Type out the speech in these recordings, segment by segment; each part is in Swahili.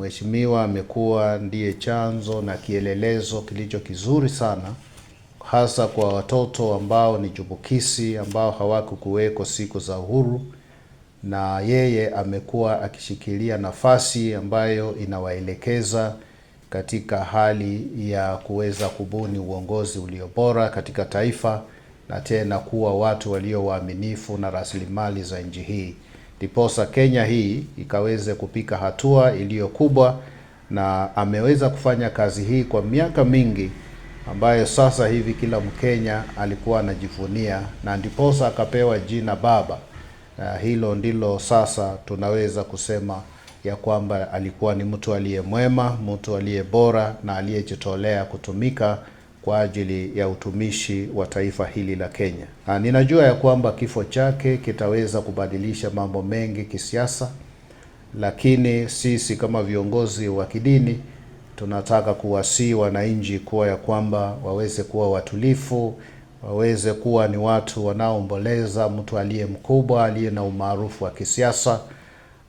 Mheshimiwa amekuwa ndiye chanzo na kielelezo kilicho kizuri sana hasa kwa watoto ambao ni jubukisi ambao hawakukuweko siku za uhuru, na yeye amekuwa akishikilia nafasi ambayo inawaelekeza katika hali ya kuweza kubuni uongozi uliobora katika taifa na tena kuwa watu walio waaminifu na rasilimali za nchi hii ndiposa Kenya hii ikaweze kupika hatua iliyo kubwa, na ameweza kufanya kazi hii kwa miaka mingi ambayo sasa hivi kila Mkenya alikuwa anajivunia, na ndiposa akapewa jina baba. Uh, hilo ndilo sasa tunaweza kusema ya kwamba alikuwa ni mtu aliyemwema, mtu aliye bora na aliyejitolea kutumika kwa ajili ya utumishi wa taifa hili la Kenya. Ha, ninajua ya kwamba kifo chake kitaweza kubadilisha mambo mengi kisiasa, lakini sisi kama viongozi wa kidini tunataka kuwasii wananchi kuwa ya kwamba waweze kuwa watulifu, waweze kuwa ni watu wanaoomboleza mtu aliye mkubwa aliye na umaarufu wa kisiasa,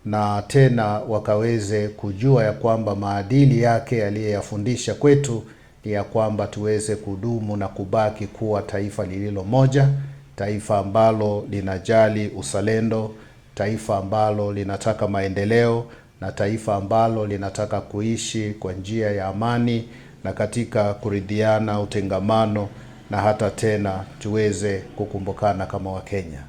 na tena wakaweze kujua ya kwamba maadili yake aliyeyafundisha kwetu ya kwamba tuweze kudumu na kubaki kuwa taifa lililo moja, taifa ambalo linajali uzalendo, taifa ambalo linataka maendeleo na taifa ambalo linataka kuishi kwa njia ya amani na katika kuridhiana, utengamano na hata tena tuweze kukumbukana kama Wakenya.